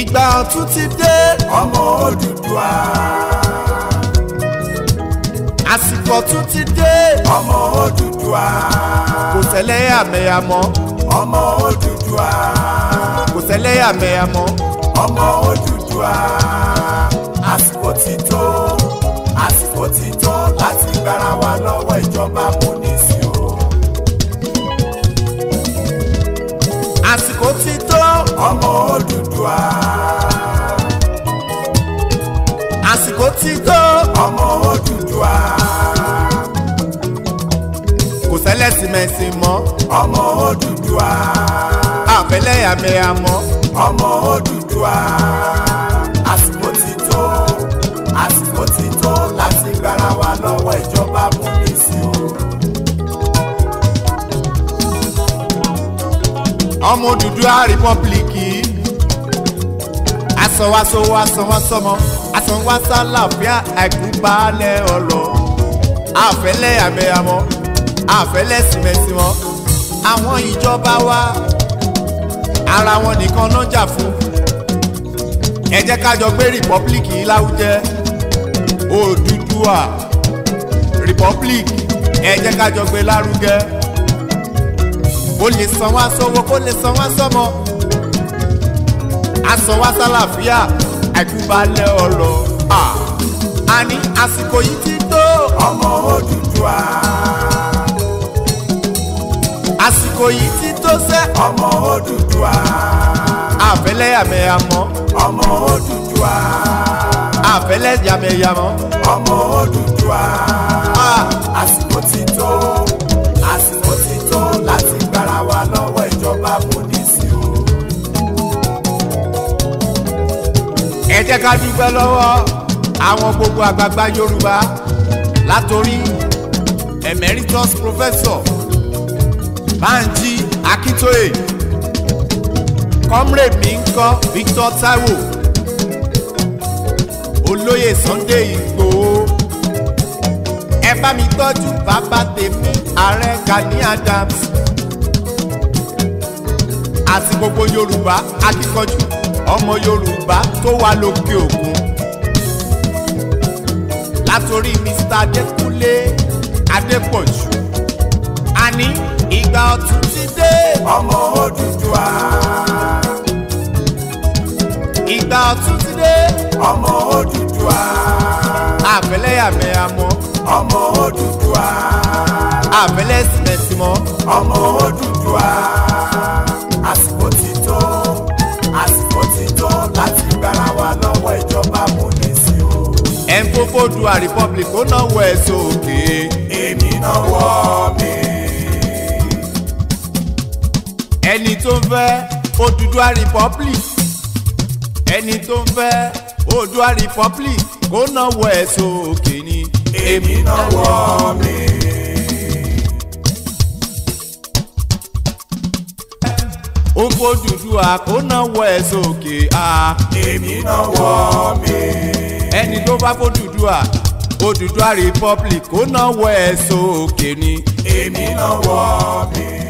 ìgbà ọ̀tun ti dé ọmọ Odùduwà. àsìkò ọ̀tun ti dé ọmọ Odùduwà. kò ṣẹlẹ̀ àmẹ́yà mọ́ ọmọ Odùduwà. kò ṣẹlẹ̀ àmẹ́yà mọ́ ọmọ Odùduwà. àsìkò ti tó àsìkò ti tó láti gbára wa lọ́wọ́ ìjọba amúnisìn o. àsìkò ti tó ọmọ Odùduwà. lẹ́sìmẹ̀sì mọ́. ọmọ Odùduwà. àfẹlẹ́ àmì àmọ́. ọmọ Odùduwà. àsìkò ti tó àsìkò ti tó láti gbára wa lọ́wọ́ ìjọba múnisí o. ọmọ Odùduwà rìpọ́blìkì asọwasọwọ asọwọsọmọ asọwọsálàfíà àìkú baálẹ̀ ọ̀rọ̀ àfẹlẹ́ àmì àmọ́ àfẹ́lẹ́sìmẹ̀sì wọn àwọn ìjọba wa ara wọn nìkan náà jà fún ẹ jẹ́ ká jọ gbé Republic, yìí láwùjẹ Odùduwà rìpọ́blíkì ẹ jẹ́ ká jọ gbé lárugẹ ó lè san wá sówó kó lè san wá sọ́mọ asan wá sálàáfíà àìkúbalẹ̀ ọ̀rọ̀ àní àsìkò yìí ti tó ọmọ Odùduwà àsìkò yìí ti tó sẹ́. ọmọ Odùduwà. àfẹ́lẹ́yàmẹ̀yàmọ́. ọmọ Odùduwà. àfẹ́lẹ́yàmẹ̀yàmọ́. ọmọ Odùduwà. àsìkò ti tó àsìkò ti tó láti gbára wa lọ́wọ́ ìjọba polisi o. ẹ jẹ́ ká dúpẹ́ lọ́wọ́ àwọn gbogbo àgbààgbà Yorùbá látòrí emeritus professor Banji Akintoye comrade mi ń kọ́ Victor Taiwo olóyè Sunday Igboho ẹ bá mi tọ́jú bàbá tèmi ààrẹ Gani Adams àti gbogbo Yorùbá akíkanjú ọmọ Yorùbá tó wà lókè òkun látòrí Mr. Adékúnlé Adépọ̀jù àní ìgbà ọ̀tun ti dé. ọmọ Odùduwà. ìgbà ọ̀tun ti dé. ọmọ Odùduwà. àfẹlẹ́yàmẹ̀ amọ̀. ọmọ Odùduwà. àfẹlẹ́ sìmẹ̀sì mọ́. ọmọ Odùduwà. àsìkò ti tó àsìkò ti tó láti gbára wa lọ́wọ́ ìjọba amúnisìn o. ẹ̀ ń kó Fódùà Republic ó náwó ẹ̀ sókè. èmi náwó. ẹni tó ń fẹ́ Odùduwà republic ẹni tó ń fẹ́ Odùduwà republic kó náwó ẹ̀ sókè ni. èmi náwó mi. ó f'Odùduwà kó náwó ẹ̀ sókè a. èmi náwó mi. ẹni tó bá f'Odùduwà Odùduwà republic kó náwó ẹ̀ sókè ni. èmi náwó mi.